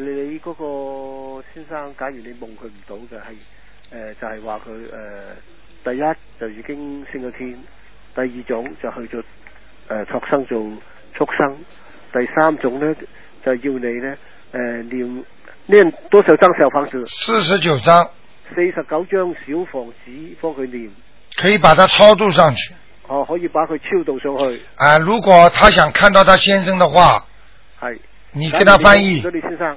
你你嗰個先生，假如你夢佢唔到嘅係，誒、呃、就係話佢誒第一就已經升咗天，第二種就去做誒託生做畜生，第三種呢，就要你咧誒唸呢、呃、念念多少張小房子？四十九張。四十九張小房子幫佢唸。可以把它超度上去。哦，可以把佢超度上去。啊，如果他想看到他先生的話，係，你跟他翻譯。所以，先生。